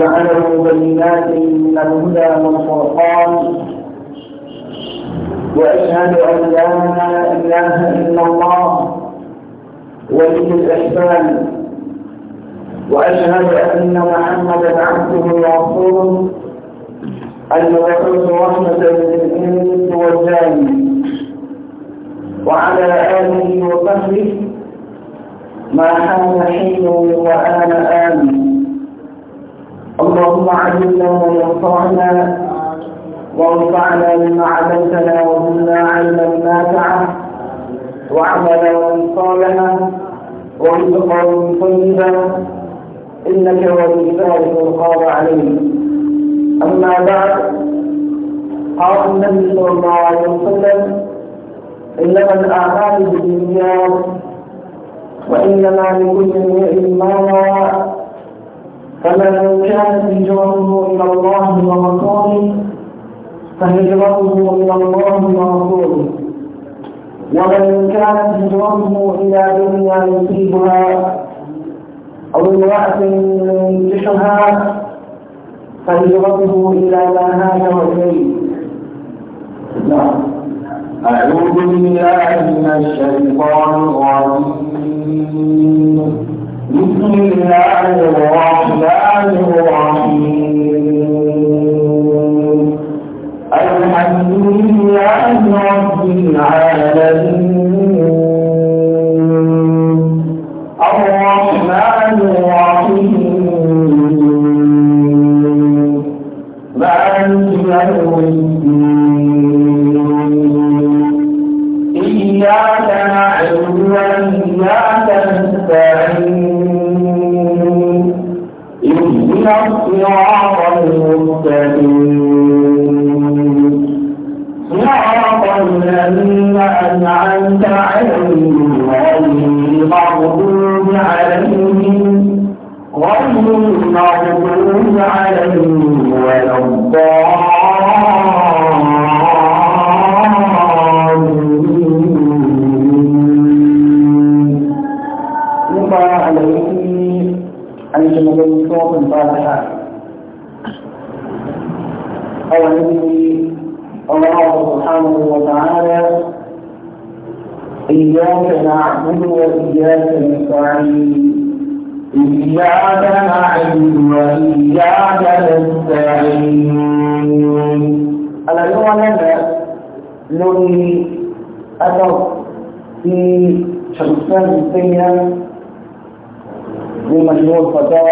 وعلى المبينات من الهدى والفرقان واشهد ان لا اله الا الله ولي الاحسان واشهد ان محمدا عبده ورسوله المبعوث رحمه للانس والجان وعلى اله وصحبه ما حان حين وآن آمن اللهم علمنا ما ينفعنا وانفعنا بما علمتنا وزدنا علما نافعا وعملا صالحا ورزقا طيبا انك ولي ذلك القادر عليه اما بعد قال النبي صلى الله عليه وسلم انما الاعمال بالدنيا وانما لكل امرئ ما فمن كانت هجرته إلى الله ورسوله فهجرته إلى الله ورسوله ومن كانت هجرته إلى دنيا يصيبها أو امرأة ينكشها فهجرته إلى ما هاجر إليه نعم أعوذ بالله من الشيطان الرجيم بسم الله الرحمن الرحيم الحمد لله رب العالمين المغضوب عليهم ولا الضالين يقع عليه أنجم بالصوت الفاتحة أو الله سبحانه وتعالى إياك نعبد وإياك نستعين إياك نعبد وإياك نستعين àlàyé wọn lẹ́gbẹ̀ẹ́ lórí ẹjọ́ tí ṣàtúnṣẹ́ ìpínyà ní màṣíwọ́ fọ́jọ́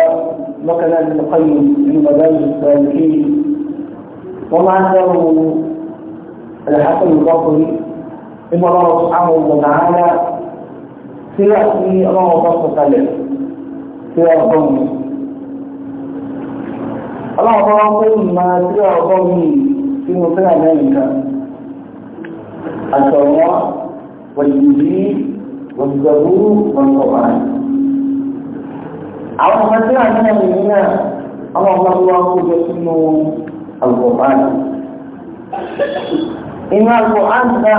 lọ́kànlá ìlúkọ́yìn ní bàbá ìṣẹ̀lẹ̀ kí wọ́n máa ń dẹ́rù الحسن البصري إما الله سبحانه وتعالى سيأتي الله سبحانه وتعالى tí ọgbọ́n mi mi tí mo fẹ́ràn lẹ́yìn kan àtọ̀wọ́ wọ̀nyí wọ̀nyí wọ̀nyí àwọn ọmọ tí wà nínú ìlú náà àwọn ọmọ tí wọn kó jọ sínú alùpùpán inú alùpùpán náà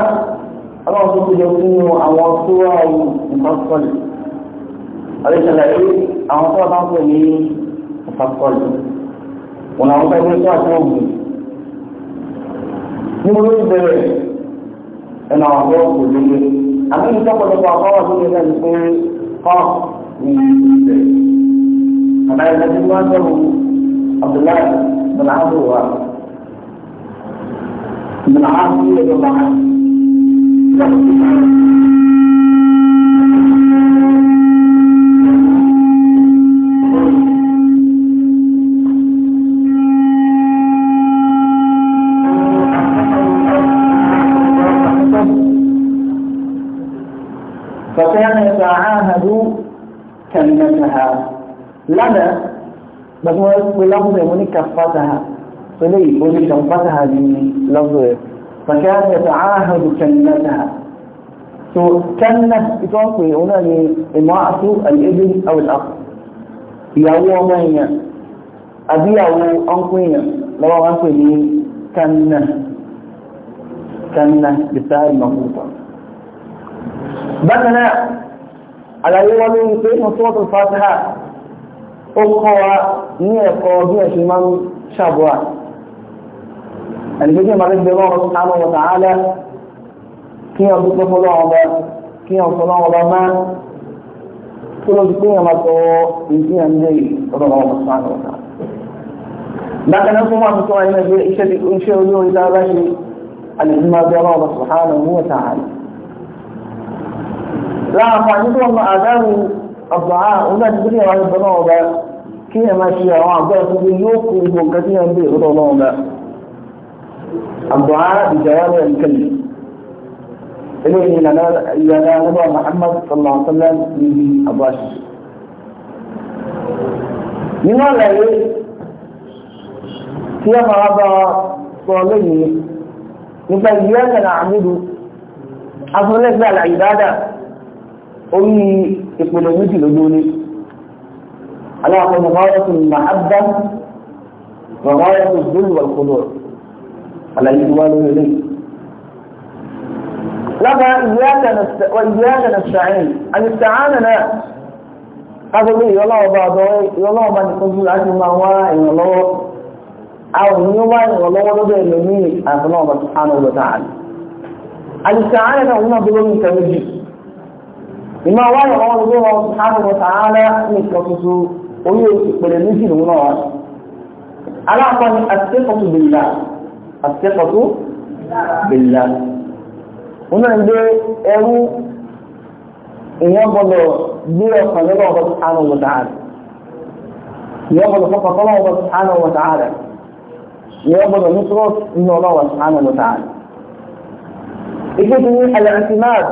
àwọn ọmọ tó kó jọ sínú àwọn tó wà nǹkan ọdún ìṣẹ̀lẹ̀ pé àwọn tó bá ń pè ní ìfàkọlù wọn àwọn tó gbé tó àti wọn gbé ní mo lórí bẹ̀rẹ̀ ẹnu àwọn tó kò lóye àmì ìtọ́pọ̀lọpọ̀ àkọ́wà tó lè lẹ́nu pé kọ́ ní ìbẹ̀ àbáyé lẹ́nu tó ń sọ̀rọ̀ Abdullahi bọ̀lá àbúrò من عاصي إلى معاصي lánàá gbàtí wọ́n pe lọ́gbọ̀n ẹ̀mọ́ ní kàfàtà pẹ̀lú ìbò ní kàfàtà ní lọ́gbọ̀n ẹ̀ fàkẹ́ àtẹ̀tẹ̀ ààhàdù kẹ́nẹ́tà so kẹ́nẹ́ ìtọ́ pé òun náà ni ìmọ̀ àtú àlẹ́bí àwùlá ìyàwó ọmọ èèyàn àbí ìyàwó ọ̀nkú èèyàn lọ́wọ́ wọn pè ní kẹ́nẹ́ kẹ́nẹ́ bìtáì mọ̀kútọ̀ bákan náà àlàyé wọn lórí pé mo ó kọ́ wa ní ẹ̀kọ́ bí ẹ̀ṣẹ̀ máa ń ṣàbúrà ẹ̀lẹ́gbẹ́jẹ́ máa ń gbé lọ́wọ́ sánú wọn tààlà kí wọ́n dúpẹ́ fún lọ́wọ́ bá kí wọ́n sọ lọ́wọ́ bá máa kí wọ́n ti pín ọmọ sọ ìdí ẹ̀ ń lé ọ̀dọ̀ lọ́wọ́ sánú wọn tààlà. bákan náà fún wọn tuntun ẹni ẹgbẹ́ iṣẹ́ iṣẹ́ olórí lára ṣe àlejò máa bẹ ọlọ́wọ́ sánú wọn tààlà. láàpá nígbà máa dáhùn ọ̀pọ̀á ọ̀nà tí kí ẹ̀wà ìbọn náà ọba kí ẹ̀ máa ṣe àwọn àgbà ìṣòro yóò kó gbogbo nǹkan tí ẹ̀ ń bèèrè lọ́dọ̀ náà ọba ọ̀pọ̀á ìjọba ní ẹ̀ǹkẹ́lì eléyìí ìlànà ìlànà nígbà Muhammad sallallahu alaihi wa sallam níbi àbọ̀ àṣìṣe nínú àlàyé tí ẹ máa bá sọ lóyìn nípa ìyá ìlànà àmúdu afúnlẹ́gbẹ̀ àlàyé dáadáa orí ìpele méjì lójú ní aláàkọ́ mọ̀gáwọ́sù màábá mọ̀gáwọ́sù zulu alkolo àlàyé wa lórí ilé lábá ìyáka na sàáyìn àti sàánà náà kágbógbé ìyọlọ́ọ̀bá àdọ́wọ́ ìyọlọ́ọ̀bá nìkan jù láti máa wá ìrànlọ́wọ́ àwọn ènìyàn wá ìrànlọ́wọ́ lọ́dọ̀ ẹ̀lẹ́mí àtọ́nà ọ̀bà sàánà ọ̀bà sàánà àti sàánà náà wọ́n bí lórí ìtẹ́lẹ́jì ìmọ̀ wáyọ̀ wọn ló wọn subhanahu wa ta'ala ní ìkọ̀ tuntun orí ìpele méjì lòun náà wáyé aláàpọ̀ ni àtẹ́kọ̀tù bìlá àtẹ́kọ̀tù bìlá wọn náà gbé ẹrú èèyàn gbọdọ̀ gbé ọkàn lọ́wọ́ ọkọ̀ subhanahu wa ta'ala èèyàn gbọdọ̀ fọkàn tọ́lọ́ ọkọ̀ subhanahu wa ta'ala èèyàn gbọdọ̀ ní ní ọlọ́wọ̀ subhanahu wa ta'ala ìgbésí ní àlẹ́ àti máàdì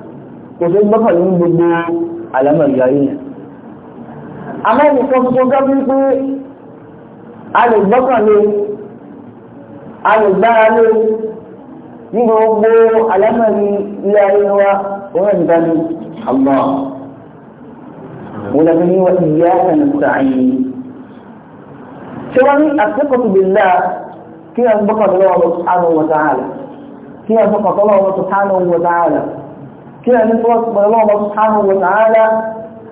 kò tó gbọ́kàn ní gbogbo àlámọ̀ ìyá yìí àmọ́ nìkan tó dábí pé a lè gbọ́kàn lé a lè gbára lé ní gbogbo àlámọ̀ ìyá ayé wa òun ẹ̀ nìkan ní àmọ́ wọ́n lọ́gbọ́n ní wọ́n ti yá ẹ̀sán sàáyé ṣé wọ́n ní àtẹ́kọ̀tù bìlá kí wọ́n gbọ́kàn lọ́wọ́ subhanahu wa ta'ala kí wọ́n gbọ́kàn lọ́wọ́ subhanahu wa ta'ala kí ẹni tó wọ́n pẹ̀lú ọmọ sánú wọ tààlà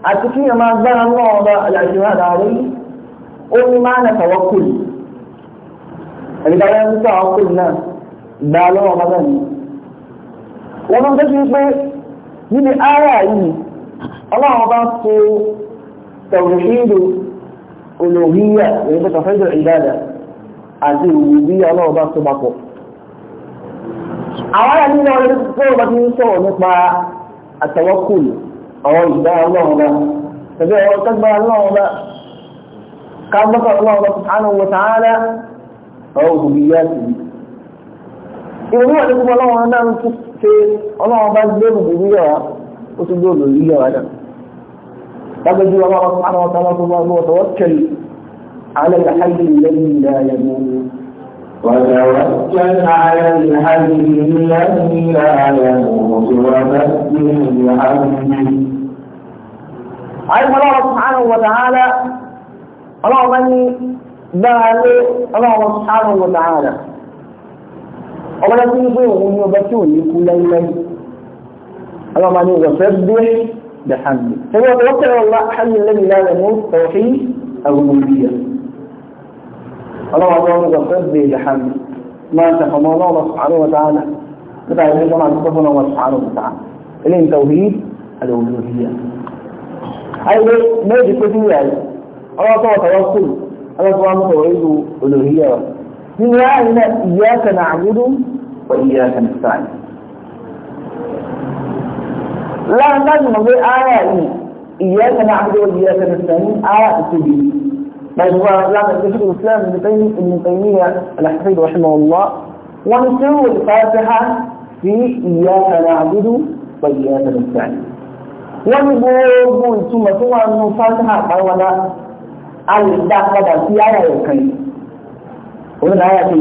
àti kí ẹ máa gbára ní ọba àlàjìwá àdáwé ó ní máa nà tàwọ́ kùl ẹ̀dìgbàlẹ́ ń tàwọ́ kùl náà gbà lọ́wọ́ ọba náà ni wọ́n tó ṣe pé níbi ara yìí ọlọ́run bá so tẹ̀wọ̀ṣídò olóhíyà èyí tó tọ̀fẹ́jọ àti ìwòbí ọlọ́run bá so papọ̀ àwọn ará nínú ọdún tó wọ́n ti ń sọ̀rọ̀ nípa àtàwọ́kùn àwọn ìgbà ọlọ́run náà tẹ̀lé ọ̀rọ̀ tẹ́gbà ọlọ́run náà ká gbọ́kọ̀ ọlọ́run náà subhanahu wa ta'ala ọ̀rọ̀ òbí yá sí i. ìrònú ọ̀dẹ́ gbogbo ọlọ́run náà ń tún ṣe ọlọ́run bá gbé òbí وتوكل على الحي الذي لا يموت وبشر بحمده عايز الله سبحانه وتعالى الله بني بال الله سبحانه وتعالى ọmọ náà tí ń pè òun ní ọba tí ò ní kú láíláí ọlọ́run máa ní wọ̀fẹ́ bẹ́ẹ̀ bẹ̀hàmì ṣẹ́gbẹ́ ọ̀pọ̀lọpọ̀ ọ̀la hàmì lẹ́yìn lára mú ọ̀fẹ́ àgùnbùnbíyà الله عز وجل يغفر به ما شاء الله سبحانه وتعالى كتاب الله جمع المصطفون الله سبحانه وتعالى إليه توحيد الالوهيه أي لي ما يجي كتير يعني الله صلى الله عليه وسلم الله سبحانه متوعيد الأولوهية من يعلم إياك نعبد وإياك نستعين لا نجم بآية إياك نعبد وإياك نستعين آية تبين طيب هو يعني الشيخ الإسلام ابن تيمية ابن تيمية الحفيد رحمه الله ونسوي الفاتحة في إياك نعبد وإياك نستعين ونقول ثم ثم أن الفاتحة قولنا الإبداع قدر في آية الكريم ومن آية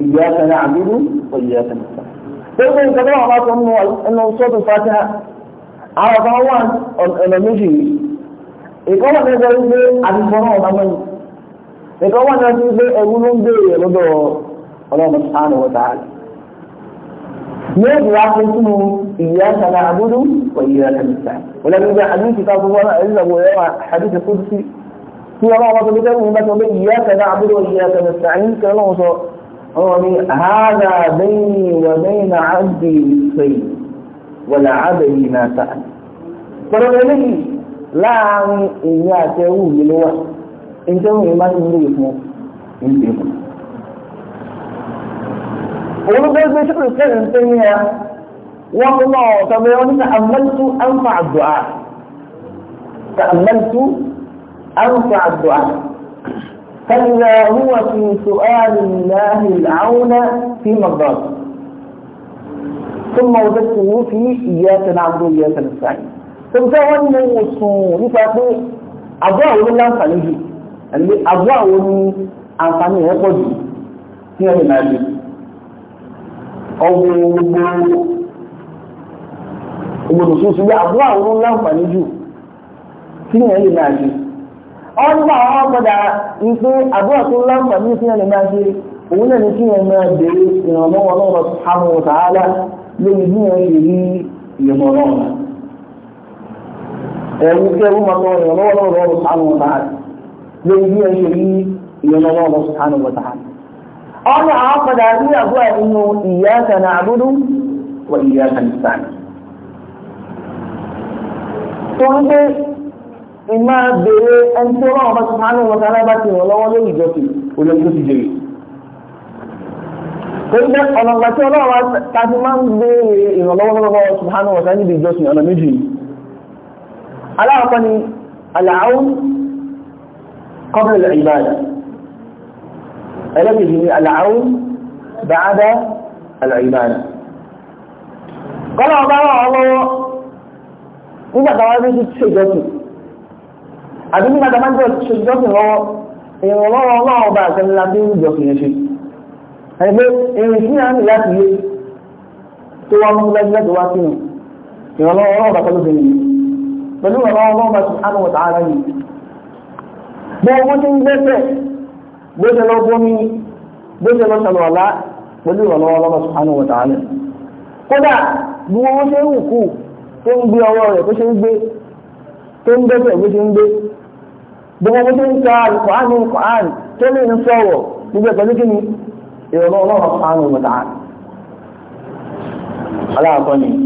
إياك نعبد وإياك نستعين فإذا ìgbàgbọ́ الله akọ̀ọ́nù ẹnu sọ́dún Fatiha, àwọn ọ̀gá wọn ọ̀nà méjì ìkọ́ wọn lọ́jọ́ wípé àdìsọ́nà ọ̀nà mọ́ni ìkọ́ wọn lọ́jọ́ wípé ẹ̀wú ló ń béèrè lọ́dọ̀ ọlọ́run sánú ọ̀tá rẹ̀ yóò ti wá fún sínú ìyá sana àbúrú pọ̀ ìyá kàmìtà ọlọ́run gbé láàrin èmi àti ẹrú mi ló wà nítorí òun máa ń lè fún un lè fún un. olùgbẹ́gbẹ́ tí kò sẹ́yìn tó ní ya wọ́n mú náà tọ́gbẹ́ wọn níta àmọ́lùtú àǹfà àdùá àmọ́lùtú àǹfà àdùá kalla huwa fi su'ali llahi al-auna fi mardati ثم وجدته في إياك نعبد وإياك نستعين tẹ̀síṣẹ́ wọ́n ní mo sùn nípa pé àbọ̀ àwọn ní láǹfààní jù àti àbọ̀ àwọn ní àǹfààní rẹ̀ pọ̀ jù ní ọ̀rẹ́ náà lè ọ̀wọ̀ gbogbo ìgbòdò ṣoṣo bí àbọ̀ àwọn ní láǹfààní jù sí ọ̀rẹ́ náà lè ọ̀rọ̀ nípa àwọn ọ̀pọ̀dà ní pé àbọ̀ àti láǹfààní sí ọ̀rẹ́ náà lè òun náà ní kí ẹ máa bèèrè ìrànlọ́wọ́ lọ́wọ́ sàmù tààlà lórí bí wọ́n ṣe rí ìrànlọ́wọ́ náà ẹ̀rù kẹrù máa lọ ìrànlọ́wọ́ lọ́wọ́ lọ́wọ́ sùhánù wọ̀tá hàn lórí bí ẹ ṣe rí ìrànlọ́wọ́ lọ́wọ́ sùhánù wọ̀tá hàn. ọ̀nà àwọn padà rí àgọ́ ẹ̀ nínú iyyaka na'budu wa iyyaka nasta'in. tó ń gbé ìmá bèrè ẹni tó lọ́wọ́ bá sùhánù wọ̀tá hàn bá ti ìrànlọ́wọ́ lórí ìjọsìn olóòtú ti ọ̀nà ìgbà tí ọlọ́run ta máa ń gbé ìrànlọ́wọ́ lọ́wọ́ sùhánù wọ̀tá níbi ìjọsìn ọ̀nà méjì yìí aláwọ̀kọ́ ni aláwọ̀ kọ́bílẹ̀ ìbáadà ẹlẹ́gbẹ̀ẹ́ ni aláwọ̀ bàádà aláìbáadà kọ́nà ọba wà lọ́wọ́ nígbàtàwà bí i ṣe jọ́sìn àbí nígbàtàwà bí i ṣe jọ́sìn lọ́wọ́ ìrànlọ́wọ́ ọlọ́wọ́ bá àtẹni lábí ń jọ fìyẹn ṣe ẹgbẹ́ ìrìn sí àmì láti yé tó pẹ̀lú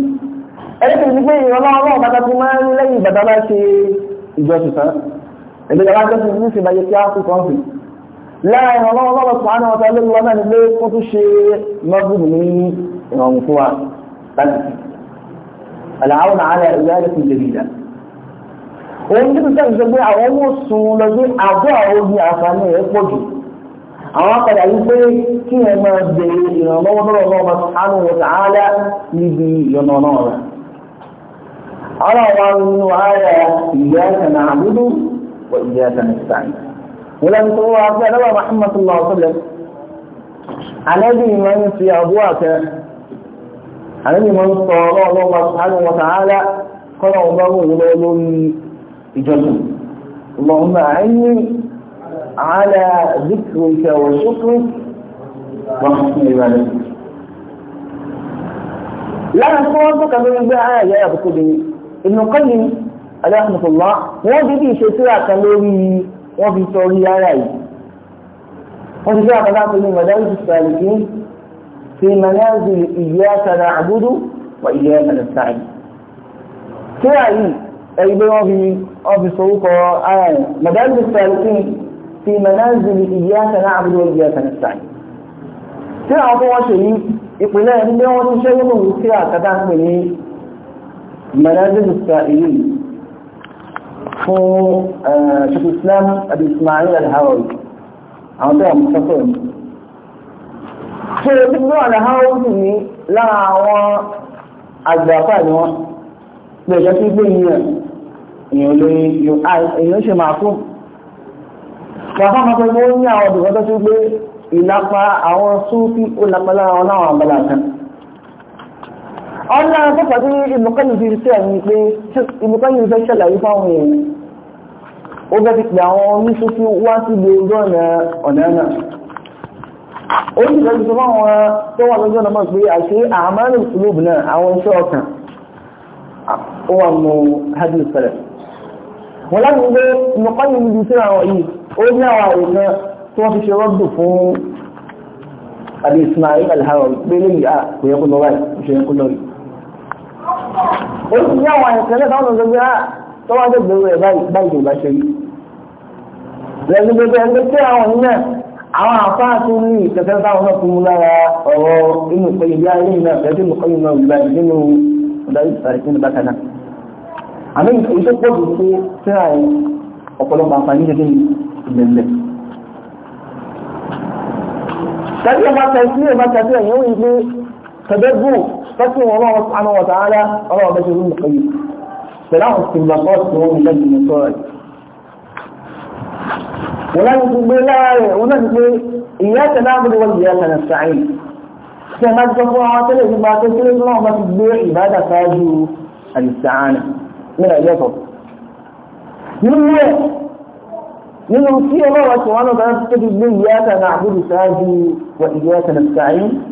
ọ̀rọ̀ ẹlẹ́sìn ní pé ìrànlọ́ ọlọ́run bàtà ti máa ń lẹ́yìn bàtà bá ṣe ìjọsìn tán ẹgbẹ́ ìjọba tó ti ní ìsìn bàyẹ̀ kí á kú kan sí lára ìrànlọ́ ọlọ́run tó àná ọ̀tá lórí wọn náà ni pé kó tún ṣe mọ́gùn ní ìrànwọ́ fún wa láti àlàáwọn àárẹ̀ ìyá rẹ̀ ti jẹ̀bi ìdá òun tí kìí sẹ́yìn pé àwọn ọmọ sùn lọ sí àgọ́ àwọn omi àǹfààní rẹ̀ pọ̀ jù àwọn akọ̀dà yìí pé kí ẹ máa bèèrè ìrànlọ́wọ́ lọ́wọ́ lọ́wọ́ sánú wọ̀tà áádá níbi ìyọ̀nà náà rẹ̀ على ظالمين وآية إياك نعبد وإياك نستعين ولم تقول عبد الله محمد الله صلى الله عليه وسلم على من في أبواك على من صلى الله سبحانه وتعالى قال الله ولول إجابه اللهم أعني على ذكرك وشكرك وحسن عبادتك لا تقول عبدك من الدعاء يا أبو ìnùkọ́yìn aláàmùsùlá wọ́n bí bí ṣe síra kan lórí wọ́n fi sọ orí ara yìí wọ́n ti síra kan láti ní mọ̀dáwì ti sàlì kí fi mọ̀náàzì ìyá sara àbúdú wà ìyá sara sàì síra yìí ẹ̀rí pé wọ́n fi wọ́n fi sọ orúkọ ara yìí mọ̀dáwì ti sàlì kí fi mọ̀náàzì ìyá sara àbúdú wà ìyá sara sàì síra wọn tó wọ́n ṣe yìí ìpínlẹ̀ ẹni pé wọ́n ti ṣẹ́ منازل السائلين fún ṣekú eh, islam àti ismail al-hawaii àwọn tó wà mú sọ́kọ̀ ní ṣe tí wọ́n al-hawaii ní lára àwọn àgbàfà ni wọ́n pé ẹ̀ṣẹ́ tí gbé yìí èèyàn lè èèyàn ṣe máa fún bàbá máa pẹ́ mọ́ ní àwọn ọdún tó ṣe gbé ìlàpá àwọn súnfí ó lápá lára wọn láwọn àbálà kan ọ̀nà akẹ́kọ̀ọ́ tí ìmọ̀kànnì fi ṣe ẹ̀yìn pé ìmọ̀kànnì fẹ́ ṣàlàyé fáwọn èèyàn ó fẹ́ ti pè àwọn oníṣòfin wá sí gbogbo ọ̀nà ọ̀nà náà ó sì fẹ́ ti sọ fáwọn tó wà lọ́jọ́ náà mọ̀ pé àṣé àmàlù kúlóòbù náà àwọn iṣẹ́ ọkàn ó wà mú hadith sẹlẹ̀ wọn láti gbé ìmọ̀kànnì níbi tí àwọn yìí ó ní àwọn àwòrán tí wọ́n fi ṣe rọ́dù fún àbí Ismail alhawa pé lè yà ah, kò yẹ kó lọ báyìí yẹ kó lọ ó sì ní àwọn ìṣẹ̀lẹ̀ táwọn ọ̀dọ́ gbé hàn ah, tó wá gbègbè rẹ̀ báyìí báyìí ìgbà ṣe rí. lẹ́yìn gbogbo ẹgbẹ́ tí àwọn yìí náà àwọn àfáà tó ní ìṣẹ̀fẹ́ táwọn náà fún un lára ọ̀rọ̀ inú ìpẹ́yìn bí ayé náà fẹ́ẹ́ tó nìkan yìí náà gbà nínú ọ̀dọ́ ìsàlẹ̀ sínú bákan náà. àmì ìṣe pọ̀ jù pé síra ẹ̀ ọ̀pọ̀lọpọ̀ àǹfààní ṣe ní ìgbẹ̀lẹ̀. tẹ́lẹ̀ bá tẹ̀ sí ẹ̀ bá tẹ̀ sí فكن الله سبحانه وتعالى الله بشر مقيم فلاه هو وهم جد المصائب ولن تقول لا ونحن إياك نعبد وإياك نستعين كما تقوى عاتل ما تقول الله ما تقول عبادة فاجو الاستعانة من أجل فضل يقول من رسي الله سبحانه وتعالى تقول إياك نعبد فاجو وإياك نستعين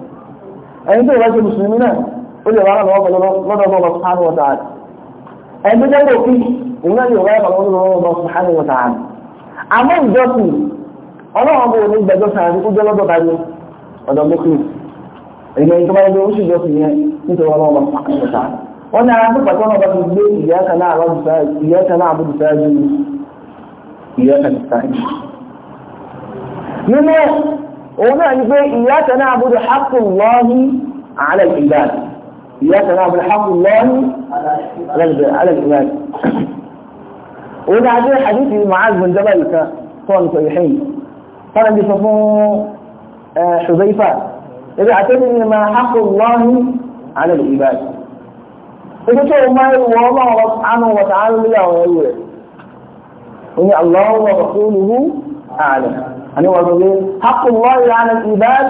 ẹni nke ìwájú mùsùlùmí náà ó lè wá lọ́wọ́ pẹ̀lú lọ́dọ̀ ọmọ subhanahu wa ta'ala òun náà ni pé iyyaka na'budu haqqullahi 'ala al-ibad iyyaka na'budu haqqullahi 'ala al-ibad òun náà jẹ́ hadith Mu'adh bin Jabal ìka fún ìṣòyìn fún ẹni sọ fún Hudhayfa ibi àtẹ́lẹ̀ ma haqqullahi 'ala al-ibad ibi tó máa ń wọ ọlọ́run ánú wọ̀tà á ń lé àwọn ẹrú rẹ̀ ó ní Allahu wa rasuluhu a'lam àní wọ́n sọ pé haqqullah ala al-ibad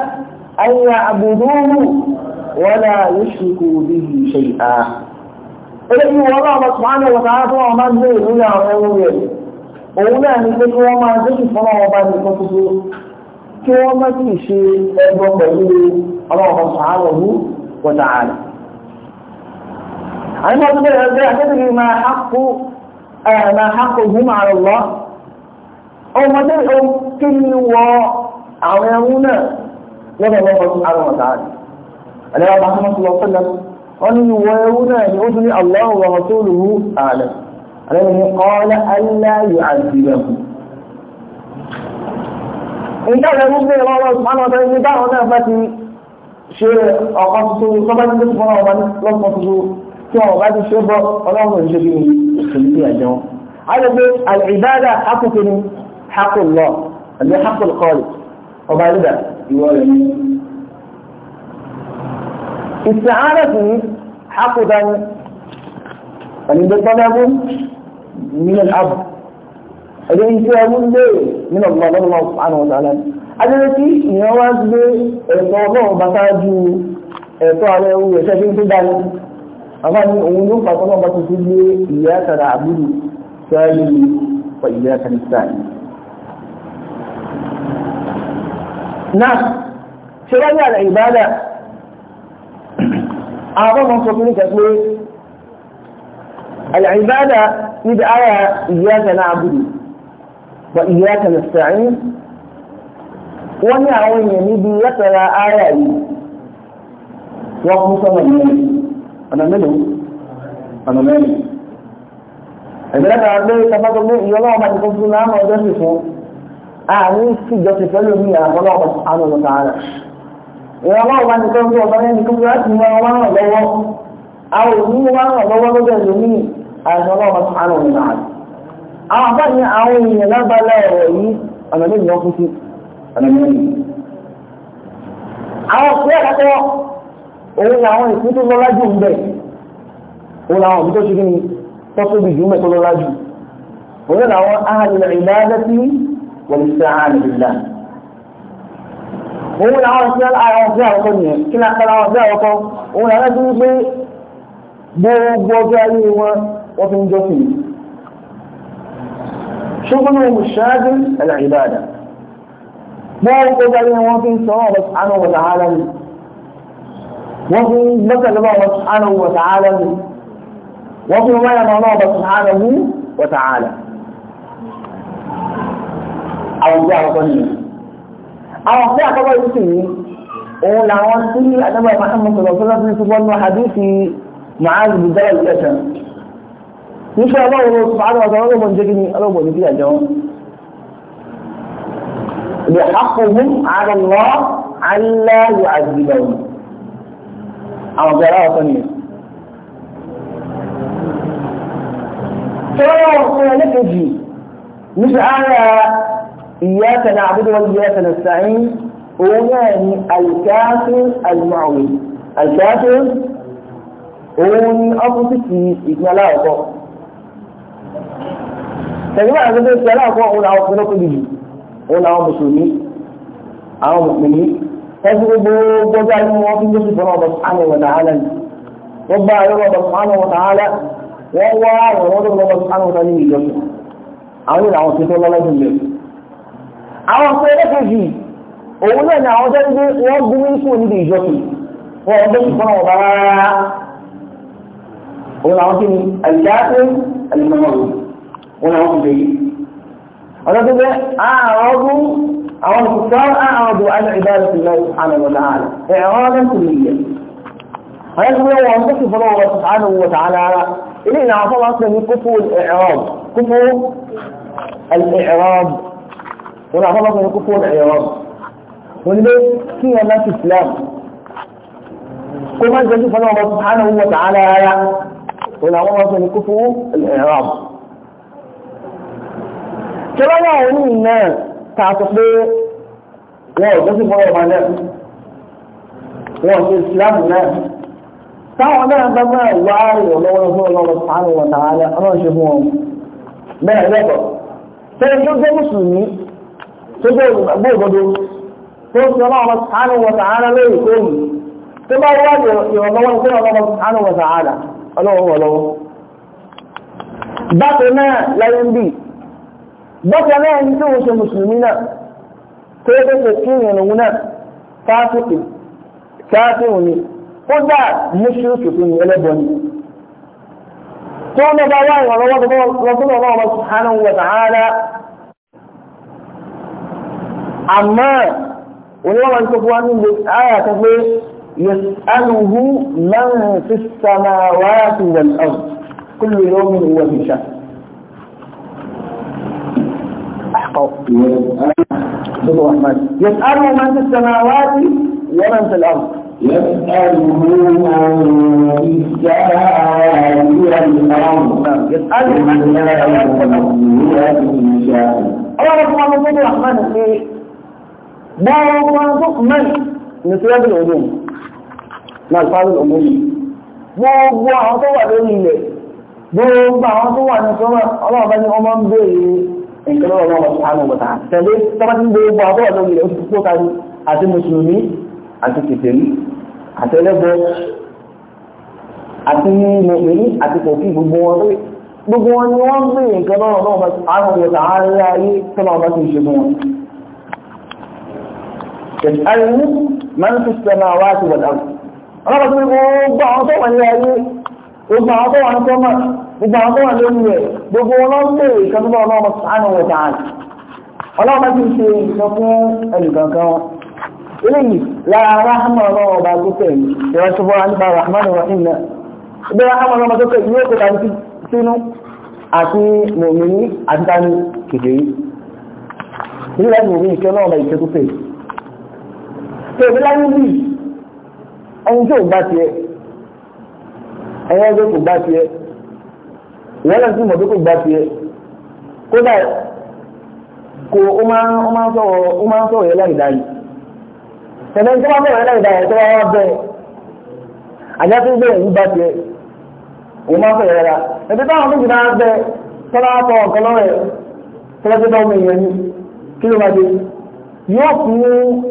an ya'buduhu wa la yushriku bihi shay'a. eléyìí wọ́n náà wọ́n sùn àwọn ọ̀sán tó wọ́n máa ń gbé ìlú àwọn ẹrú rẹ̀ òun náà ní pé kí wọ́n máa dé ìfọ́nà ọba nìkan tuntun kí wọ́n má sì ṣe ẹgbọ́ pẹ̀lú ọlọ́run subhanahu wa ta'ala. àyìnbó tó bẹ̀rẹ̀ bẹ́ẹ̀ akẹ́kọ̀ọ́ máa hákò eh, máa hákò ọmọdé kí ni wọ àwọn ẹrú náà lọ́dọ̀ lọ́wọ́ sí àwọn ọ̀tá rẹ̀ àlẹ́wà bá hàn sí lọ́sọ́lá wọ́n ní ìwọ ẹrú náà ni ó tún ní aláwọ̀ wa rasuluhu ààlẹ̀ àlẹ́wà ni qala alla yu'adhibahu ìjọba ẹrú gbé lọ́wọ́ sùpánà ọ̀tá ní báwọn náà bá ti ṣe ọ̀kan tuntun ọlọ́run hapun lọ àbí hapun kọ́ọ̀lì ọba ìdá ìwọ rẹ̀. ìsàárẹ̀ sì ní hapun dání pẹ̀lú ìgbé tọ́lẹ́gún nílẹ̀ ààbò ẹ̀dẹ́ iṣẹ́ ẹ̀mú lé nínú ọ̀gbọ̀n lọ́wọ́ àwọn ọ̀sán alẹ́ adẹ́rẹ́ tí ìyẹn wá gbé ẹ̀tọ́ ọlọ́run bá ṣáájú ẹ̀tọ́ àwọn ẹrú ẹ̀ṣẹ́ tí ń tó dání àbá ní òun ló fà tọ́lọ́ bá ti fi lé ìyá tara àbúrò ṣáájú ìyá tara sáà náà ṣe wá ní àlà ìbádà àwọn ọmọ sọ fún ní kẹfẹ́ àlà ìbádà níbi ara iyyaka na'budu wa iyyaka nasta'in wọ́n ní àwọn èèyàn níbi látara ara yìí wọ́n kún sọ́nà mẹ́rin ọ̀nà mélòó ọ̀nà mẹ́rin ẹ̀gbẹ́lẹ́ta lórí tafásọ́gbé ìyọ́lọ́wọ́ bá ti kó fún láàmú ọjọ́ sì fún àárín sí ìjọsìn pẹ̀lú mi àkọlọ́pọ̀ àwọn olùkàrà ìrànwọ́ ọba nìkan tó ọba ẹni tó láti mọ ọba ràn lọ́wọ́ àwọn òní wá ràn lọ́wọ́ lọ́jọ́ ìlúmí àìsànlọ́pọ̀ àwọn olùkàrà àwọn àbá ní àwọn èèyàn lábala ọ̀rọ̀ yìí ọ̀nà méjì lọ́ fún sí ọ̀nà méjì àwọn òṣèré àkọ́kọ́ òun ni àwọn ìpín tó lọ́lá jù ń bẹ̀ òun ni àwọn òbí tó ṣe kí ni tọ́sọ́bì jù ń bẹ̀ tó lọ́lá jù òun ni àwọn ahàlẹ̀ ìbáradá sí والاستعانة بالله هو العرس يلعى عرس يا وطني آه، كنا قال عرس يا وطن هو العرس يلعى بو بو جاي هو وطن جوفي شغل ومشاغل العبادة بو بو جاي هو وطن سواء سبحانه وتعالى وفي لك هو سبحانه وتعالى وفي ويا الله سبحانه وتعالى, وطن وطن وطن وطن وطن وطن وطن وطن وطن àwùjọ àkọ́kọ́ nìyẹn àwọn ọ̀fẹ́ àkọ́kọ́ yìí sì yìí òun làwọn tí àdébà Muhammad sọ̀rọ̀ fún lọ́sí ti bọ́nu hadithi Mu'adh bin Jabal lẹ́sẹ̀ níṣẹ́ ọlọ́run sọ̀rọ̀ àwọn ọ̀sán ọlọ́run jẹ́ kí ni ọlọ́run ní fìyà jẹ wọn. lè haqquhum 'ala Allah alla yu'adhibahum àwọn ọ̀fẹ́ aláwọ̀sán nìyẹn. sọ̀rọ̀ ọ̀sán ẹlẹ́kẹ̀jì níṣẹ́ ara ìyáka náà àbúdó wọn ìyáka náà sàáyìn òun náà ni alkafir almawi alkafir òun ni ọ́fíìsì ìpínlẹ̀ ọ̀kọ́ tẹ̀gbọ́n àwọn akẹ́kọ̀ọ́ ìpínlẹ̀ ọ̀kọ́ òun àwọn ọ̀pọ̀lọpọ̀ yìí òun àwọn mùsùlùmí àwọn mùsùlùmí tẹ́sí gbogbo gbọ́dọ̀ ni wọ́n fi ń gbèsè fún ọmọ sùhánù wọn tààlà ni wọ́n bá ayé ọmọ sùhánù wọn tààlà wọ́n wá àwọn ọmọdé ọmọ sùhánù wọn ní ìjọsìn àwọn ìlànà òṣèlú àwọn ọ̀pọ̀ ẹlẹ́kẹ̀ẹ́jì òun náà ni àwọn tó ń gbé wọ́n gbé ní fún oníbi ìjọsìn wọ́n ń gbé ìfọ́nà ọ̀bá rárá òun làwọn kí ni àìdáàpé àlùmọ́ọ̀rù òun làwọn kìí yìí ọ̀dọ́ tó jẹ́ àwọn ọdún àwọn òkùnkà àwọn ọdún aláìdáàpé subhanahu wa ta'ala ẹ̀rọ ọdún kò ní yẹ wọ́n ń tẹ́kì fọ́nà ọ̀rọ̀ subhanahu wa ta'ala ilé ìlànà fọ́nà ọ̀sẹ̀ ní al-i'rab kúfù al-i'rab wọn àwọn ọlọ́kùnrin kókó ẹ̀yọ̀ wọn wọn ni pé kí wọn láti Islam kó má jẹ́ fífọ́n náà wọ́n hánà wọ́n tà án rárá wọn àwọn ọlọ́kùnrin kókó ẹ̀yọ̀ wọn. tọ́lá wà ní iná ta sọ pé wọn ò jẹ́ fífọ́n ọmọ náà wọn ò ṣe Islam náà táwọn náà bá máa wá ìrànlọ́wọ́ fún ọlọ́run sàánù wọn tà án rárá ọlọ́run ṣe fún wọn bẹ́ẹ̀ lẹ́kọ̀ọ́ tó jẹ́ olùgbàgbọ́ òdodo tó ń fi ọlọ́run sàánù wọ sàánà lórí ìkóòmù tó bá wá ìrànlọ́wọ́ tó ọlọ́run sàánù wọ sàánà ọlọ́run wọ lọ́wọ́. bákan náà láyé ń bì bákan náà ń tí wọ́n ṣe mùsùlùmí náà tó yẹ kó ṣe kí ìrìnàwó àmọ́ oníwọ́n máa ń tó fún wa ní ilé ayà kan pé yẹ̀sánùhù man fi samawati wal ard kullu yawmin huwa fi يسأله من في السماوات ومن في الأرض يسأله من في السماوات والأرض يسأله من في السماوات والأرض الله سبحانه وتعالى الرحمن الرحيم gbọ́ngbọ́n lukman ní síwájú òun náà sáré òun gbogbo àwọn tó wà lórí ilẹ̀ gbogbo àwọn tó wà ní sọ́mọ́ ọlọ́run bá ní wọ́n máa ń béèrè nǹkan lọ́wọ́ lọ́wọ́ sánú bọ̀tà tẹ̀lé tọ́ba tí gbogbo àwọn tó wà lórí ilẹ̀ oṣù tó kárí àti mùsùlùmí àti kìtẹ̀lú àti ẹlẹ́bọ àti mùsùlùmí àti kòkí gbogbo wọn lórí gbogbo wọn ni wọ́n ń béèrè nǹkan lọ́wọ́ lọ́wọ́ sánú bọ̀tà yẹ̀sàlù máa ń fi sẹ́mà wá sí wọ̀dà ọlọ́pàá tó ní gbogbo àwọn tó wà ní ayé gbogbo àwọn tó wà ní sọ́mà gbogbo àwọn tó wà lórí rẹ̀ gbogbo wọn lọ́n lè kan tó ọlọ́mọ sàánù wọ̀ tàn ọlọ́pàá ti ṣe ìsọ fún ẹnìkankan wọn eléyìí lára rahama ọlọ́wọ́ ọba tó tẹ̀ ìrántí nípa rahman rahim náà ibi rahama ọlọ́wọ́ tó tẹ̀ yóò kó ta ní sínú àti mòmìnir àti tani kèdè yìí nílẹ̀ mòmìnir kí tó o láyé bí ẹni tó o bá tiẹ̀ ẹ̀yẹ́ ẹgbẹ́ kò bá tiẹ̀ ìyá náà sì mọ̀ pé kò bá tiẹ̀ kódà kò ó máa ń sọ̀rọ̀ ó máa ń sọ̀rọ̀ yẹn láì dáyìí tẹ̀lé tó bá sọ̀rọ̀ yẹn láì dáyìí tó bá wá bẹ́ẹ̀ àjá tó gbé ẹ̀yìn bá tiẹ̀ ó máa ń sọ̀rọ̀ yẹn rárá ẹ̀dẹ́ táwọn méjì náà bẹ́ẹ̀ tọ́lá sọ ọ̀kan lọ́rẹ̀ tọ́lá tó bá ọmọ èèyàn ni kí ló máa dé yóò fún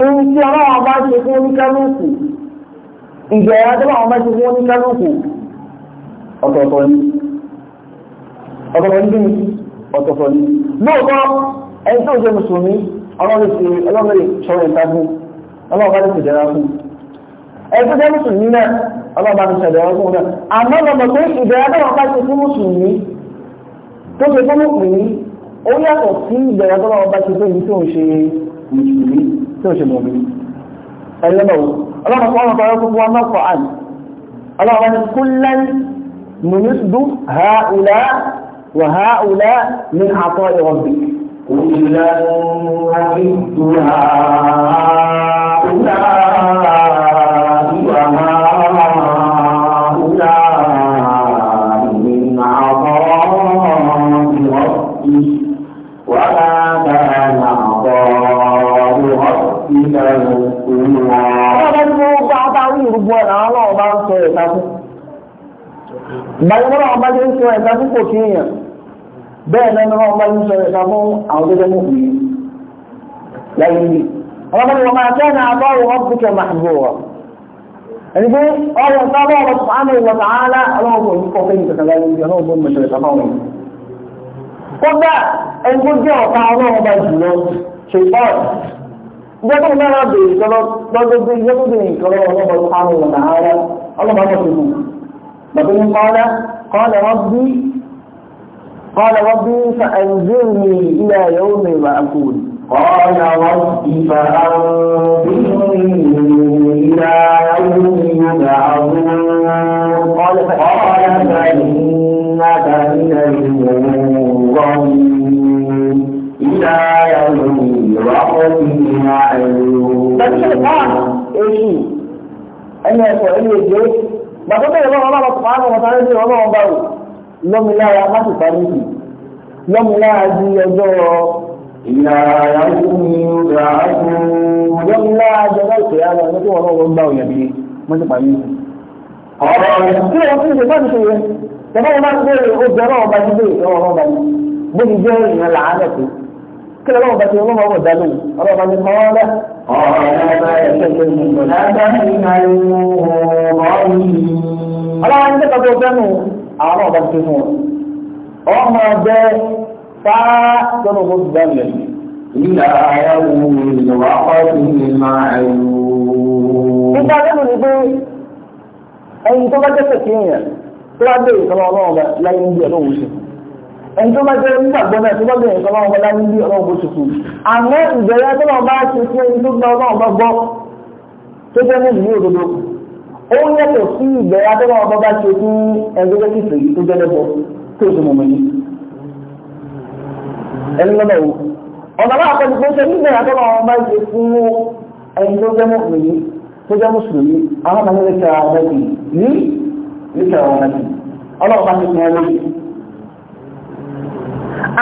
ohun tí ọlọ́wọ́ bá ṣe fún oníkálùkù ìjọ ẹ̀yà tó lọ́wọ́ bá ṣe fún oníkálùkù ọ̀tọ̀ọ̀tọ̀ ni ọ̀tọ̀ọ̀tọ̀ ni bíi ọ̀tọ̀ọ̀tọ̀ ni lóòótọ́ ẹni tó jẹ́ mùsùlùmí ọlọ́run ṣe ọlọ́run lè ṣọwọ́ ìta fún ọlọ́run bá lè ṣèjọra fún ẹni tó jẹ́ mùsùlùmí náà ọlọ́run bá lè ṣèjọra fún náà àmọ́ lọ́mọ pé ìbẹ̀rẹ̀ سوى شيء مؤمنين قال يلو الله سبحانه وتعالى يقول وما فعل الله قال كلا نمد هؤلاء وهؤلاء من عطاء ربك كلا نمد هؤلاء ẹ̀ta fún báyọ̀ náà ọba jẹ́ ń sọ ẹ̀ta fún kò kí èèyàn bẹ́ẹ̀ lẹ́nu náà ọba jẹ́ ń sọ ẹ̀ta fún àwọn tó jẹ́ mú kù yìí láyé ń bì ọba bá ní wọn máa tẹ́ ẹ̀nà àbọ̀ wọn kú kẹ́ máa bọ̀ wọ ẹni pé ọ̀rọ̀ sábà ọ̀rọ̀ sàánù ìwọ̀ sàánà ọlọ́run kò ní kọ́ fẹ́ nìkan láyé ń ọlọ́run kò jùlọ ṣe pọ́ọ̀tù الله ما يقول لكن قال قال ربي قال ربي فأنزلني إلى يوم يبعثون قال رب فأنظرني إلى يوم يبعثون قال قال فإنك من المنظرين إلى يوم يبعثون الشيطان ẹni ẹ̀kọ́ ẹni èdè bàtọ́ bẹ̀rẹ̀ lọ́wọ́ ọlọ́wọ́ pàánù wọn sáré sí ọlọ́wọ́ bá wò lọ́mìlára má sì parí sí lọ́mìlára di ọjọ́ ìyàrá fún ìrààbò lọ́mìlára di ọjọ́ ìpè àlọ́ ẹni tí wọn lọ́wọ́ gbà òyìn àbí wọ́n ti parí sí. ọ̀rọ̀ kí kí lọ́wọ́ bá ti wọ́n mọ̀ dá lóhùn ọlọ́wọ́ bá ní kọ́ ọ́lá. ọlọ́wọ́ ní kẹ́kọ̀ọ́ tó fẹ́nu àwọn ọlọ́wọ́ bá ti fún wọn. ọwọ́ máa bẹ fáá lọ́nà owó ti dá lẹ̀. ìlà ayáwó ìlọ́wọ́ akọ́sí ni máa ẹ̀rù. nígbà lẹ́nu ni pé ẹyin tó bá jẹ́ pẹ̀kí èèyàn tó bá bèèrè sọ́nà ọlọ́wọ́ bá láyé ń bí ọlọ́wọ́ ṣe ẹni tó bá jẹ́ nígbàgbọ́ náà tó bá bẹ̀rẹ̀ sọ ọlọ́run bọ́lá níbi ọlọ́run bó ṣùkú àmọ́ ìbẹ̀rẹ̀ tọ́lọ́run bá ṣe fún ẹni tó gba ọlọ́run bá gbọ́ tó jẹ́ níbi ní òdodo ó ń yàtọ̀ sí ìbẹ̀rẹ̀ tọ́lọ́run bá bá ṣe fún ẹni tó jẹ́ kí ìfèyí tó jẹ́ lẹ́bọ̀ tó ṣe mọ̀mọ́ ni ẹni lọ́dọ̀ wo ọ̀nà bá àkọ́ni pé ṣe níbẹ̀rẹ̀ tọ́lọ́run bá ṣe fún ẹni tó jẹ́ mọ̀mọ́ tó jẹ́ mùsùlùmí àwọn kan ní lè ṣe àwọn ọmọ ẹ̀sìn ní lè ṣe àwọn ti fi wọn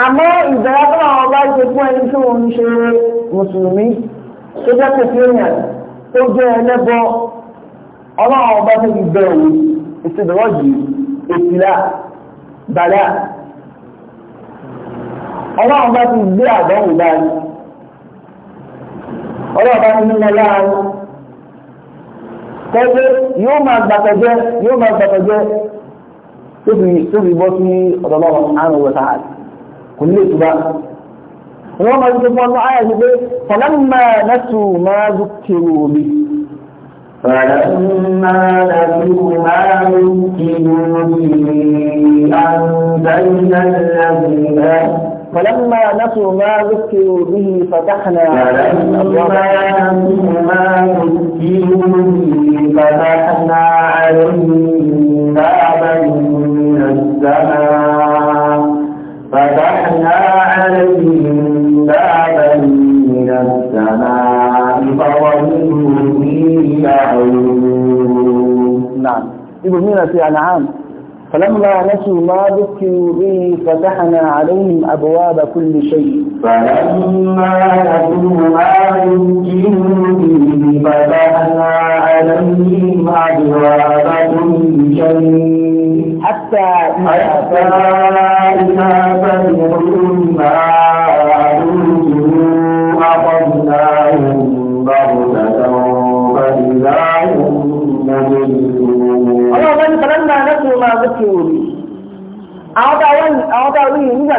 àmọ́ ìbẹ̀rẹ̀ tó àwọn ọba ṣe fún ẹni tó ń ṣe mùsùlùmí tó jẹ́ kẹfìrìyàn tó jẹ́ ẹlẹ́bọ ọlọ́run ọba tó ti bẹ̀rù ìṣèdọ́rọ̀jì ètìlá bàlá ọlọ́run ọba ti gbé àdánwò báyìí ọlọ́run ọba ti mímọ láàrin tẹ́lẹ̀ yóò máa gbàtọ̀jẹ́ yóò máa gbàtọ̀jẹ́ tóbi bọ́ sí ọ̀dọ́lọ́run àrùn wọ̀táàlì كليته بقى lè túbá wọ́n máa ń gbé فلما نسوا ما ذكروا به أنزلنا الذين فلما نسوا ما ذكروا به فتحنا فلما نسوا ما ذكروا به فتحنا عليهم بابا من السماء فتحنا من السماء فظلوا فيه يعلون نعم ابن ميرة أنعام فلما نسوا ما ذكروا به فتحنا عليهم أبواب كل شيء فلما نسوا ما ذكروا به فتحنا عليهم أبواب كل شيء حتى إذا فرحوا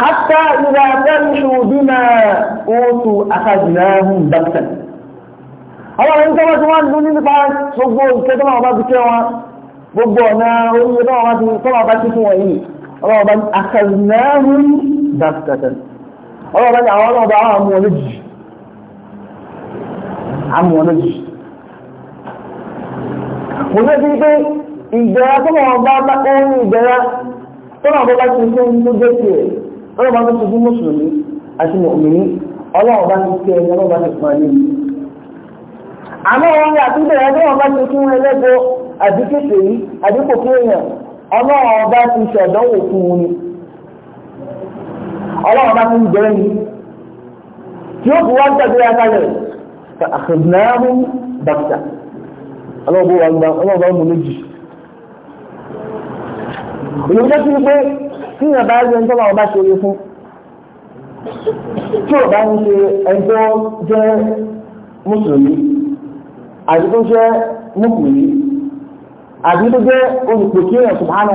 حتى إذا فرحوا بما أوتوا أخذناهم بغتة àwọn ẹni tó bá tí wọ́n ń dún nípa gbogbo ìkẹ́ tó máa bá ti kẹ́ wọn gbogbo ọ̀nà oríire tó máa ti tó máa bá ti fún wọn yìí ọlọ́wọ́ bá ní akẹ́lẹ́hún dákítàtẹ́ ọlọ́wọ́ bá ní àwọn ọlọ́wọ́ bá àwọn amú wọn lójì amú mo fẹ́ fi pé ìgbéra tó máa bá bá ó ní ìgbéra tó máa bá bá ti fún un lójì ọlọ́run bá tó ti fún mùsùlùmí àti mùmìnì ọlọ́run bá ti tẹ ẹni ọlọ́run bá ti pọn ní ìlú. àmọ́ wọn ní àtúndẹ̀ ọlọ́run bá ti fún ẹlẹ́gbọ́ àdíkèsè yìí àdíkò fún èèyàn ọlọ́run bá ti ṣẹ̀dánwò fún un ni ọlọ́run bá ti ń bẹ̀rẹ̀ ni tí ó fi wá gbàgbé akalẹ̀ àkàndínláàmú bàtà ọlọ́run bá mú méjì. olùdókòwò tí yàn bá rí ẹni tó báwọn bá ṣe orí fún tí ò bá ń ṣe ẹni jẹ́ mùsùlùmí àti tó jẹ́ mùkùnmí àti tó jẹ́ olùpèkí èèyàn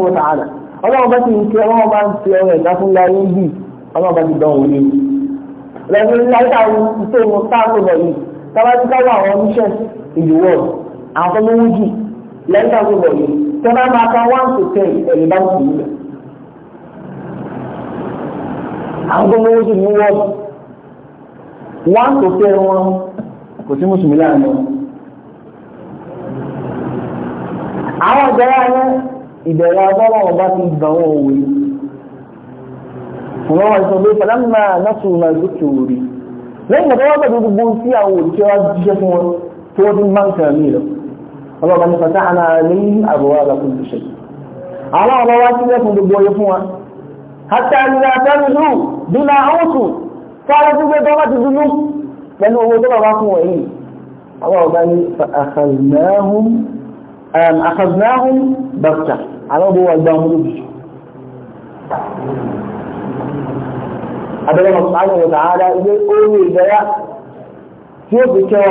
ọlọ́run bá ti ń ṣe ọlọ́run bá ń ṣe ọmọ ẹ̀dá fún láyé ń bì ọlọ́run bá ti dán òun lẹ́yìn iṣẹ́ ìmọ̀ lọ yìí káwọ́ àwọn oníṣẹ́ ìdíwọ́ àwọn tó lẹ́yìn àwọn tó lówó sì ní wọ́ọ̀dù wọ́n wọn kò sí mùsùlùmí láàánú ọba ti wọn òwe wọ́n wọ́n sọ pé fàlámà lọ́sùn máa lókè lẹ́yìn ìgbà tó wọ́n gbogbo sí àwọn òṣìṣẹ́ wa jíṣẹ́ fún wọn tó wọ́n ti ń bá ń kàn mí lọ ọlọ́ba ní fàtà àná ní àbúrò hátà ìlú àtẹ́rù dúnà oṣù sáré tí gbé tọ́wọ́ ti dúnú pẹ̀lú owó tó bàbá fún wọ̀nyí àwọn ọ̀gá ní àkàznáhùn bàtà àwọn ọgbọ̀wọ̀ àgbà ọmọdé jù abẹ́rẹ́ ọ̀sán àwọn ọ̀gá ara ilé orí ìdẹ́yà tí ó fi kẹ́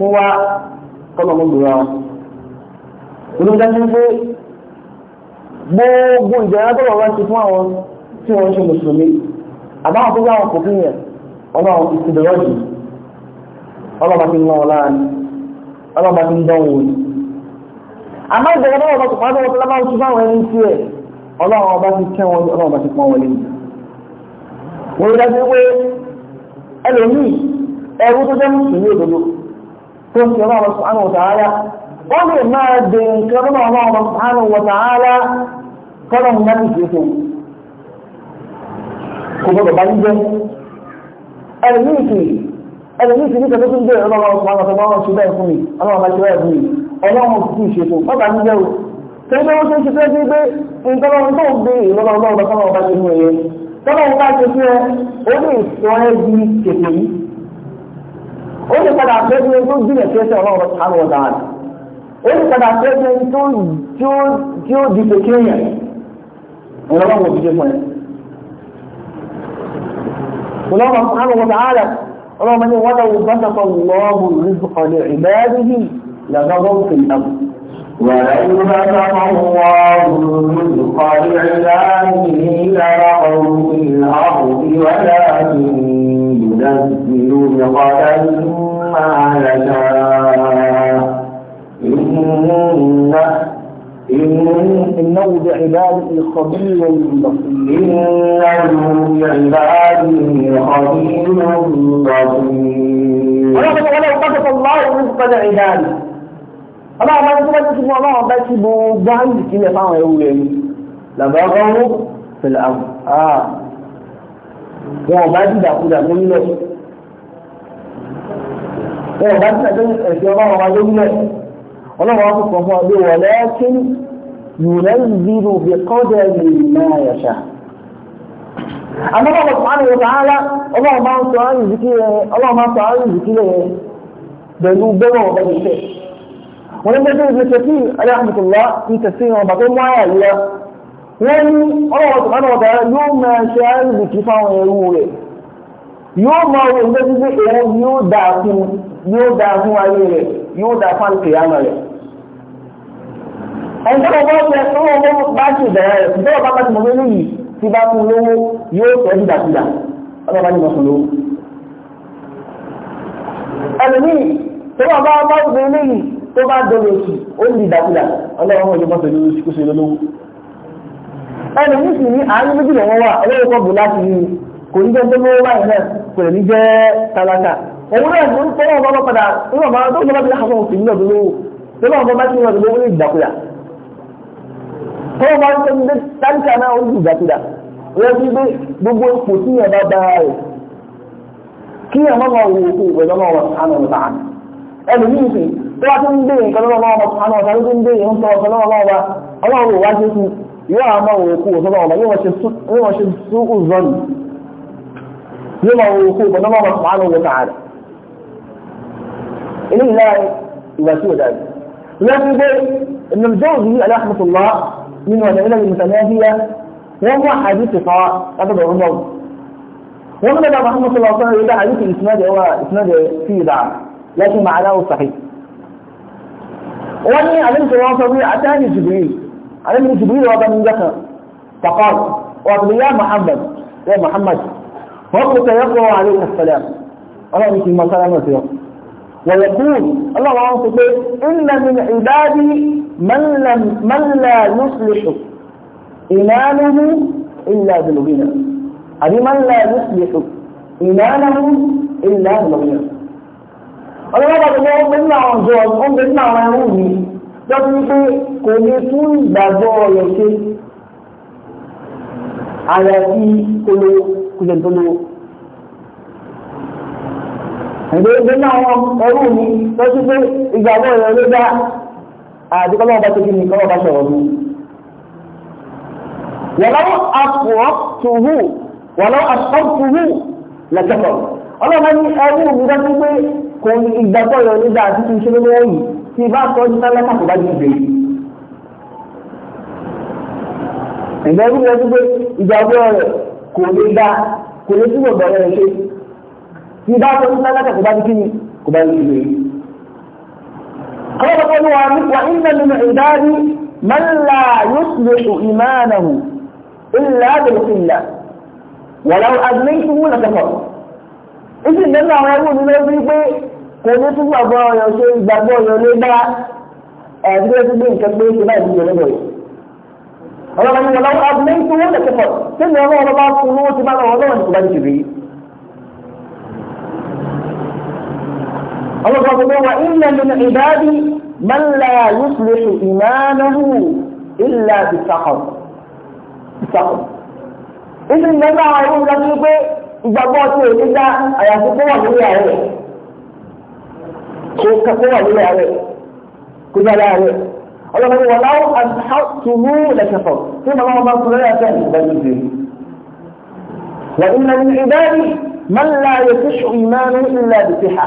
wọn ó kọ́nà mọ́ gbìyànjú wa inú dájú pé gbogbo ìjọba tó lọ́wọ́ ti fún àwọn tí wọ́n ṣe mùsùlùmí àbáwọn tó gbáwọn kò fi yẹn ọlọ́run ti ti dọ̀rọ̀ jù ọlọ́ba ti ń lọ́wọ́ ti ń dánwò àmọ́ tó lọ́wọ́ pàdé wọn tó ẹni tí ti kẹ́ wọn ti wọ́n tó ń ṣe ọlọ́run subhanahu wa ta'ala wọ́n lè máa dè nǹkan lọ́nà ọlọ́run subhanahu wa ta'ala kọ́nà ní láti ṣe fún kò gbọdọ̀ bá ń jẹ́ ẹlòmíì kì ẹlòmíì kì ní kẹ́kẹ́ tó ń bèèrè ọlọ́run subhanahu wa ta'ala ọlọ́run ṣe bẹ́ẹ̀ fún mi ọlọ́run máa ṣe bẹ́ẹ̀ fún mi ọlọ́run kì í ṣe fún ọba ń jẹ́ o tẹ́lẹ̀ wọ́n ṣe ń ṣe tẹ́lẹ̀ sí pé nǹkan lọ́run tó ń bèèrè lọ́nà ọlọ́run bá kọ́nà ọba ṣe fún ẹ̀yẹ tọ́lọ́run bá ṣe fún ẹ ó ní ìsọ ẹ́ di kèkè yìí ó lè padà fẹ́ bí ẹni tó gbìyànjú sí ẹsẹ̀ ọlọ́run sánú ọ̀dà àná ó lè padà fẹ́ bí ẹni tó tí ó di kékeré yẹn ìrọ̀lọ́run òbí jẹ́ fún ẹ. ọlọ́run sánú ọ̀dà àná ọlọ́run ní wọ́n lọ́wọ́ bá sọ̀tọ̀ lọ́ọ̀bù rizqan li ibadihi làgbàgbọ́ fil ard ولو بسط الله الرزق إنه بعباده خبير بصير إنه بعباده خبير بصير ولو قصد الله رزق عباده ọlọ́run bá tó bá ti fún ọlọ́run bá ti bo gáàndì sílẹ̀ fáwọn ewu rẹ̀ ni làbọ́gọ́rún pẹ̀lú àwọn wọn bá dìdàkudà lórílẹ̀ wọn bá dìdàkudà ẹ̀sìn ọlọ́run wá lórílẹ̀ ọlọ́run wá tó kàn fún ọdún wọ̀lẹ́ kí ينزل بقدر ما يشاء àmọ́ bàbá sùhánù wọ̀ sàárá ọlọ́run máa ń sọ àrùn ìzìkílẹ̀ ọlọ́run máa ń sọ àrùn ìzìkílẹ̀ pẹ̀lú gbọ́rọ̀ ọ̀bẹ ìṣẹ́ wọn ní gbẹ́gbẹ́ ìgbésẹ̀ tí aláàmùsùlá ń tẹ̀sí wọn bàtọ́ mú àyà yíya wọ́n ní ọlọ́run sùhánù wọ̀ sàárá yóò máa ṣe àrùn ìzìkí fáwọn ẹrú rẹ̀ yóò máa wọ ìgbésẹ̀ tí ẹ̀ńtọ́ bá ṣe tó wọn mọ́ bá ṣe bẹ̀rẹ̀ ìjọba bá bá ti mọ̀ lórí yìí tí bá fún lówó yóò sọ dídàkudà ọlọ́ba ní mọ̀ fún lówó. ẹlòmíì tó bá bá bá ṣe bẹ̀rẹ̀ yìí tó bá dọ̀rọ̀ oṣù ó ń dídàkudà ọlọ́ba wọn yóò mọ̀ pẹ̀lú oṣù kó ṣe lọ́wọ́. ẹlòmíì sì ní àánú méjì lọ́wọ́ wà ọlọ́wọ́ kọ́ bù láti rí kò ní jẹ́ tó lówó báyìí náà kò ní jẹ́ tálákà òun tó bá ń tẹ́lú dé táǹkà náà ó ń dìgbà kúdà wọ́n ti dé gbogbo ipò tí yẹn bá bára rẹ̀ kí yẹn máa wọ òkú ìgbẹ́jọ́ náà wọ sánà ọ̀tá ẹni ní ìsìn tó bá ti ń bèèrè nǹkan lọ́wọ́ ọmọ sánà ọ̀tá ló ti ń bèèrè ń tọ́ ọ̀tá lọ́wọ́ ọba ọlọ́run wá ṣe fún yóò á máa wọ òkú ìgbẹ́jọ́ náà wọ yóò ṣe sún ùzọ́nù yóò máa wọ òkú ìgbẹ́jọ́ náà wọ sánà ọ̀tá rẹ̀ eléyìí láàrin ìgbà tí ò dáa lọ́sí pé ìnàjọ́ òbí aláhàmùsùlá من وجهنا المتناهية وهو حديث صاع قد بعضهم ومن بعض محمد صلى الله عليه وسلم إذا حديث الإسناد هو إسناد في ضع لكن معناه صحيح وأني عليه الصلاة والسلام أتاني جبريل عليه جبريل وهذا من ذكر فقال وابن يا محمد يا محمد فقلت يقرأ عليك السلام أنا أمشي ما سلام عليكم ويقول الله عنه قال إن من عبادي من, لم من لا يصلح إيمانه إلا بالغنى أي من لا يصلح إيمانه إلا بالغنى ọlọ́wọ́ bàbá ni wọ́n gbé ní àwọn ọ̀dọ́ wọ́n gbé ní àwọn ẹrú mi lọ́dún wípé kò lè fún ìgbàgbọ́ rẹ̀ ṣe àyàfi kò lè kò tó lówó ìgbèrègbè náà wọn ọrú mi lọ́sí pé ìgbàgbọ́ rẹ̀ ló dá àdúgbò náà bá ti kí ni kọ́ bá sọ̀rọ̀ mi. wọ́lọ́wọ́ àpòrọ́tùhù wọ́lọ́wọ́ àpòrọ́tùhù lẹ́kẹ̀kọ̀ ọlọ́run ní ẹrú mi lọ́sí pé kò ní ìgbàgbọ́ rẹ̀ ló dá àti ìṣe lọ́wọ́ yìí tí bá sọ ní sálẹ́ kàkó bá dìde. ìgbàgbọ́ ìgbàgbọ́ rẹ̀ kò ní dá kò ní túbọ̀ bẹ̀rẹ̀ ṣe tí bá tó ń sá lákà kò bá ní kíni kò bá ní kíni. kọ́lọ́ kọ́lọ́ wa ní wa inna min ibadi man la yuslihu imanahu illa bil qilla wa law adnaytuhu la kafar. ìsì nínú àwọn ẹrú mi lórí pé kò ní túbọ̀ àgbọ̀ ọ̀yọ̀ ṣe ìgbàgbọ́ ọ̀yọ̀ lé dá ẹ̀ẹ́dẹ́gbẹ́ tó gbé nǹkan pé ṣe báyìí ní ọ̀rẹ́ ọlọ́run ni wọ́n lọ́wọ́ abúlé tó wọ́n lẹ́kẹ̀kọ̀ tí ní ọlọ́run bá fún owó ti bá lọ́wọ́ lọ́wọ́ ní bá ní kìrì Allah الله قال وإن من عبادي من لا يصلح إيمانه إلا بالسخط بالسخط إذن نبع عيون لكيبه ìgbàgbọ́ tí èyí dá àyàfi kó wà itu ààrẹ kó kó wà lórí ààrẹ kó dá láàrẹ ọlọ́run wà láwọ́ Walau anhaq tumu la wọn Ini kú Allah SWT berkata, ìgbàgbọ́ tí wà inna min ibadi man la yẹ fíṣù ìmánu ìlà bìtìhà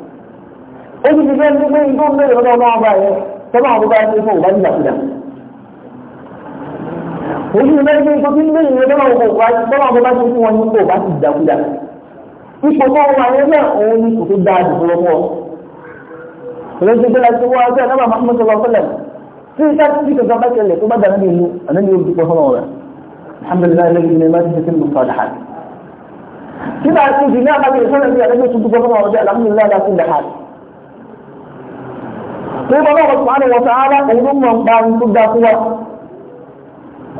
ó ti fi fẹ́ẹ́ gbé igbó ń bèrè lọ́dọ̀ ọlọ́wọ́ bá yẹn tọ́lá àwọn bá yẹn fún òbájú ìdàkudà. ó ti fi fẹ́ẹ́ gbé igbó tí ń bèrè lọ́dọ̀ ọlọ́wọ́ bá yẹn fún wọn ní òbájú ìdàkudà. ipò tó wà yẹn náà òun ni kò tó dáa dùkú lọ́wọ́. lọ́sí gbé láti wá ọjọ́ ìdábà máa tó lọ fẹ́lẹ̀ tí ìta tí kò sábà tẹ̀lé tó bá dà níbi ìlú ànábi òbí pọ̀ fọ́nà rẹ̀ alhamdulilayi lẹ́yìn ní máa ti ṣe sínú sọ̀dà hàn. nígbà tí ìdílé àbájá ìṣẹ́lẹ̀ bí ànábi òtútù pọ̀ fọ́nà rẹ̀ alhamdulilayi lẹ́yìn ní máa ti ṣe sínú sọ̀dà hàn torí bọ́lá ọ̀rọ̀ sùpánù wọ̀ sàárà ẹni ló mọ̀ nípa ní tó ga fún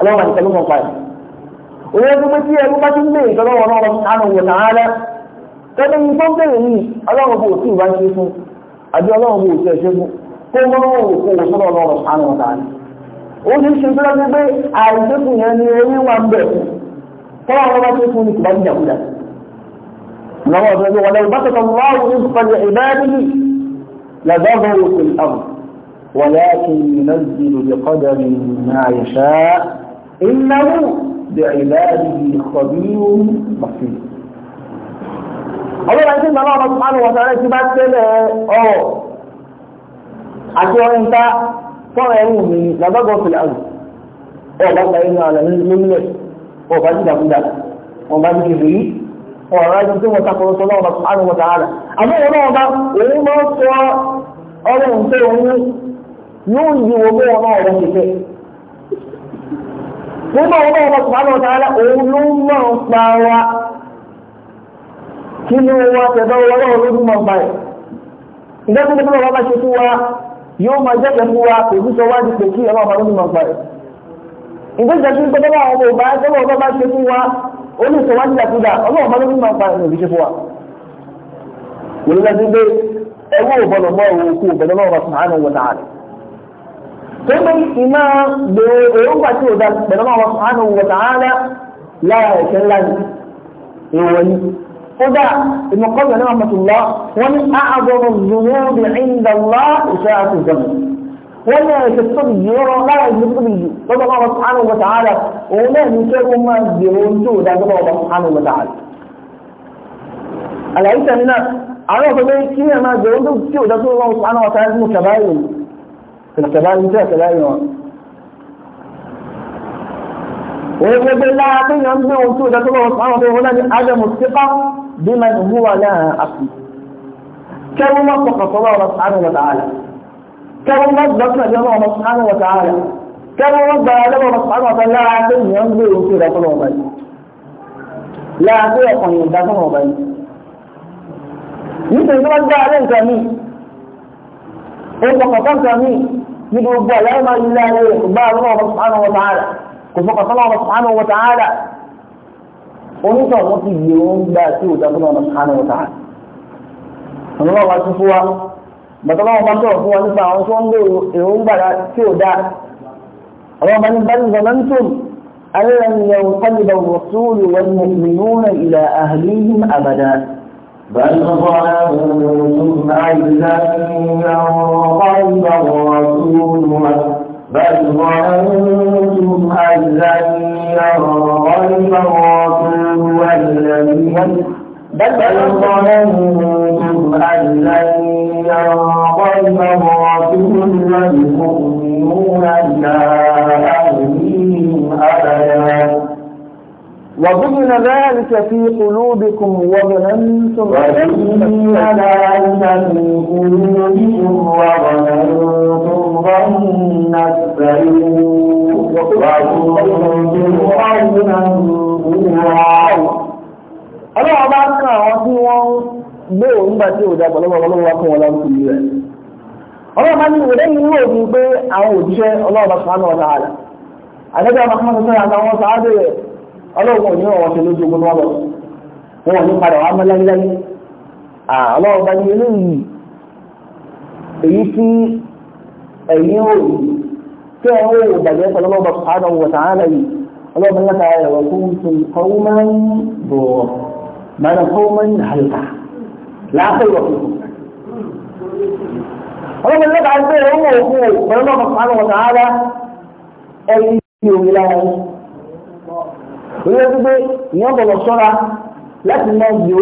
wa ọlọ́run àti tẹ̀lé mọ̀ pa ẹ̀. òun ẹni pé tí ẹni bá ti ń bèèrè ìtọ́lọ́wọ́ ọlọ́run sùpánù wọ̀ sàárà tẹ́lẹ̀ ní tó ń bèèrè yìí ọlọ́run bò tí ìbá ṣe fún àbí ọlọ́run bò tí ẹ̀ ṣe fún لظهروا في الأرض ولكن ينزل بقدر ما يشاء إنه بعباده خبير بصير ọlọ́run àti ìgbàlá ọmọ sùpánù wọ̀sánlẹ̀ tí bá tẹ́lẹ̀ ọ̀rọ̀ àti orin ta fọ́nà ẹ̀rù mi lábọ́gọ́ fìlẹ̀ àrùn ọ̀bá gba inú àlẹ́ nílẹ̀ ọ̀bá jìdàkúdà ọ̀bá jìdàkúdà ọ̀rọ̀ ẹjọ́ tí wọ́n takọ̀rọ̀ sọ lọ́wọ́ subhanahu wa ta'ala àmọ́ wọn náà bá òun máa sọ ọlọ́run tó òun yóò yí wo bó wọn náà rẹ̀ wọ́n máa wọn náà bá subhanahu òun ló máa ń pa wa kí ni wọn tẹ̀dọ̀ wọn náà ló dún máa ń báyìí ìdájọ́ tí wọ́n bá ṣe fún wa yóò máa jẹ́ pẹ̀lú wa kò ní sọ wájú pé kí ọlọ́run olùsọ wá nígbà kúdà ọlọ́run bá lórí máa ń pa ẹnu òbí ṣe fún wa wòlé lọ́dún pé ẹwọ́ òbọ̀lọ̀ mọ́ òun kú òbẹ̀lẹ̀ mọ́ ọ̀sán àánú wọn náà rẹ̀ tó ń bẹ́ẹ̀ sì máa lo èròǹgbà tí ò da pẹ̀lú mọ́ ọ̀sán àánú wọn náà rẹ̀ lára ẹ̀ṣẹ̀ ńlá ni èèwọ̀ ni kódà ìmọ̀kọ́gbẹ̀ náà mọ̀tò lọ wọ́n ní ولا تستطيع لا يستطيع فضل الله سبحانه وتعالى ولا يكاد ما يديرون تو الله سبحانه وتعالى أليس أن على طبيعي كنا ما يديرون تو تو الله سبحانه وتعالى اسمه كبائن الكبائن الكبائر كبائن وإن ويقول الله عقيا أن تو ده الله سبحانه وتعالى هنا عدم الثقة بمن هو لا أصل كلمة فقط الله سبحانه وتعالى kẹwọn bá gbọ́ sílẹ̀ lọ́wọ́ ọmọ sùnánù wọ̀tá rẹ̀ kẹwọn bá gbọ́ lọ́wọ́ ọmọ sùnánù wọ̀tá láàá tó yàn ń gbé òkú rẹ̀ fọlọ́ ọba yìí láàá tó yẹ kàn yín dá fọlọ́ ọba yìí. nítorí wọn gbá alẹ́ nǹkan mi ó fọkàn tán nǹkan mi ọmọ sùnánù wọ̀tá ti gbé bàtọ́láwọn bá sọ̀rọ̀ fún wọn nípa àwọn tó ń lè èròǹgbà tí ò dáa àwọn ọba ní bẹ́ẹ̀ zọmẹ́ntùm ayẹyẹn ni ẹ̀wọ̀n kọ́lìbà rọ̀súùlù wọn ni mìíràn ìlà àhàlìyìn àbàdà بل ظلموا عزا ينقلب الرسول بل ظلمتم عزا ينقلب الرسول والذين بل ظننتم أن لن ينقلب الرسول والمؤمنون إلى أهلهم أبدا وظن ذلك في قلوبكم وظننتم وظن ذلك في قلوبكم وظننتم ظن السيء وكنتم gbóò ńgbà tí ò dàgbà lọ́wọ́ ọlọ́run wá fún wọn láwọn kùn rẹ̀ ọlọ́run bá ní ìwé ní ìwé tí láàpọ̀ ìwọ̀kùn. ọlọ́mọ ilé bá gbé ọmọ òkú pẹ̀lú ọmọ pàánù ọ̀tà ẹni tí ò rí lára yìí. sọ́ra láti mọ iye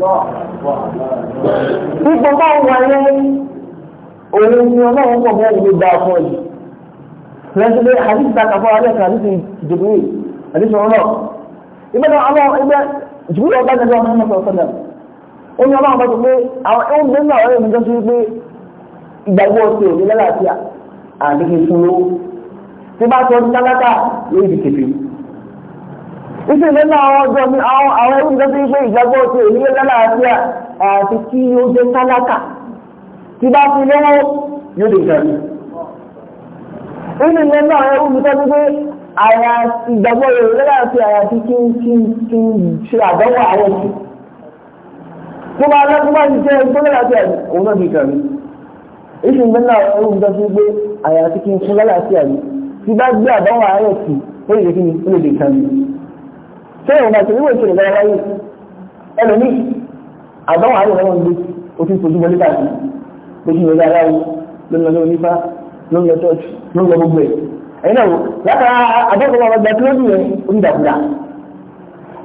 Ipò bá wà ní òun ni ọlọ́run pọ̀ mọ́ ìlú gba fún ọ̀yí. Lẹ́sìn pé àdìsí ta kàfọ́ alẹ́ kan àdìsí Jibril àdìsí ọlọ́. Ibẹ̀ náà ọlọ́ ibẹ̀ Jibril ọba jẹjọ ọmọ ọmọ sọ̀rọ̀ sọ̀dọ̀. Ó ní ọlọ́run bá sọ pé àwọn ẹ̀hún gbé náà ọ̀rẹ́ mi jọ sí pé ìgbàgbọ́ ti òní lálàáfíà àdìsí fún lówó. Tí bá sọ tálákà lórí ìdìkèfèé. Ibi ìlẹ́lá àwọn ọjọ́ mi, àwọn ẹrú ìjọba ń gbé ìgbàgbọ́ ti èmi lẹ́lá àlàáfíà àti kí ó jẹ́ tálákà. Tí bá fi lọ́wọ́ yóò lè gbà mí. Ibi ìlẹ́lá àwọn ẹrú ìjọba ń gbé àyà ìgbàgbọ́ rẹ̀ lẹ́lá àti àyà tí kí n ṣe àdánwò àwọn ọ̀sùn tó bá lọ́gbọ́n bá ti jẹ́ ẹgbẹ́ lálàáfíà ni òun náà fi kàrí èsì ń bẹ́ náà ẹ̀rù gbé àyà àti kí n fún lálàáfíà ni tí bá gbé àbáwọn àárẹ̀ sí ó lè kí ni ó lè kàrí ṣé ìwọ̀n àti ìwé ìṣẹ̀lẹ̀ lọ́wọ́ wáyé ẹlòmí àdánwò àrùn ẹ̀wọ̀n gbé o ti fojú wọlé káàkiri lójú ìwé aláwo ló ń lọ ní onífá ló ń lọ ṣọ́ọ̀ṣì ló ń lọ gbogbo ẹ̀ ẹ̀yin náà wò látara àdéhùn ọmọ ọgbà tí lójú yẹn onídàkúdà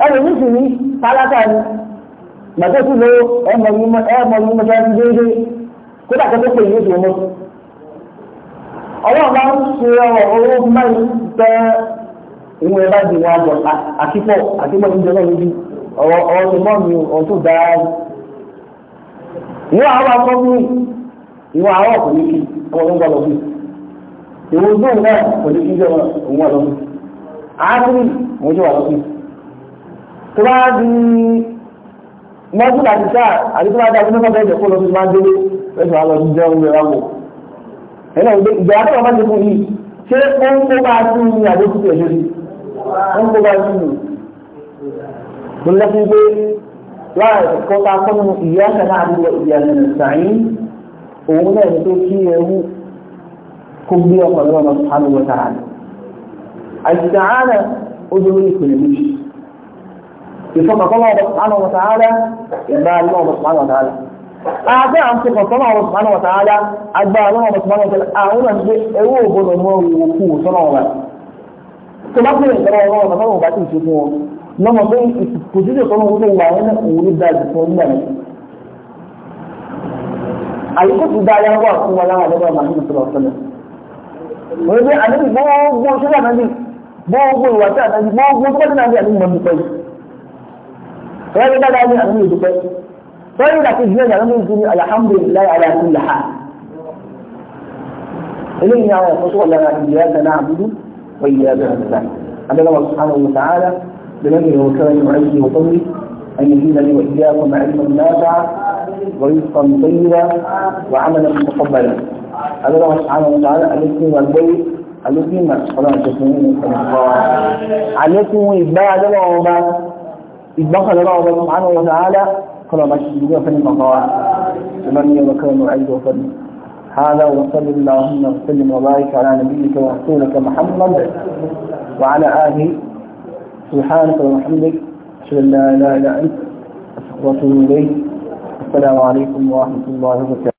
ẹlòmí sì ní tálákà ni màtó sì lọ ẹmọ yìí mọ́ṣáláṣí déédéé kódà kó tó pè yín ìwọ̀n ẹ bá di wọn àbọ̀ àkípọ̀ àkípọ̀ ìjọ náà lójú ọ̀rọ̀ ọ̀rọ̀ tó mọ́ mi ọ̀ tó dáa rí. ìwọ̀n àwọn akọ́ bí ìwọ̀n àwọn kò ní kí ọmọ tó ń gbọ́dọ̀ bí ìwọ̀n ojú òun náà kò ní kí ìjọ òun wà lọ́bí. àákìrì òun jẹ́ wà lọ́bí. tó bá di mọ́tò àti sáà àti tó bá di àtúntò bẹ́ẹ̀ jẹ́ kó lọ́bí máa délé lẹ́sùn àlọ́ ìjẹun ìrẹ́wà wò. ẹ̀nà ìgbà tó wà bá ti fún yìí ṣé ó ń kó bá a sí ní àdókùtì ẹ̀ṣọ́ yìí wọ́n kó bá nínú mo lọ sí pé láàrín ẹ̀kọ́ tá a kọ́ nínú ìyá kan náà àdúgbò ìyá nínú sàyìn òun náà ní pé kí ẹrú kó gbé ọkọ̀ lọ́wọ́ sùpánù wọ́n tàà ní. àìsàn àárẹ̀ ó dúró ìpìlẹ̀ méjì ìfọkànkọ́ lọ́wọ́ sùpánù wọ́n tàà rẹ̀ ìgbà lọ́wọ́ sùpánù wọ́n tàà rẹ̀ àbẹ́ àwọn ti kọ̀tọ́ náà wọ́n sùpánù wọ́n rẹ̀ agbára lọ́wọ́ sùpánù wọ́n tàà rẹ̀ àwọn náà ń gbé ẹwọ́ òbọ̀dọ̀ mọ́ òkú sọ́nà wọn tó bá bẹ̀rẹ̀ lọ́wọ́ ọlọ́run bàbá wọn bá ti ṣe fún wọn lọ́mọ pé kò sí ìṣòro wọn tó òun ló dáa jù fún nígbà yẹn. àyíkó ti dáa yára wà fún wa láwọn àdébà màá nínú wọ́n náà ní ìwà tí tó bá dé náà ní وإياك أن أن الله سبحانه وتعالى بنبيه وكرم وعزه وفضله أن يزيد لي وإياكم علما نافعا ورزقا طيبا وعملا متقبلا أن الله سبحانه وتعالى أن يسلم البيت أن يسلم صلاة التسليم أن يسلم إتباع الله إتباع الله سبحانه وتعالى قال ما شئت بمن وكرمه وعزه وفضله هذا وصل اللهم وسلم وبارك على نبيك ورسولك محمد وعلى آله سبحانك وبحمدك أشهد أن لا إله إلا أنت أستغفرك إليك السلام عليكم ورحمة الله وبركاته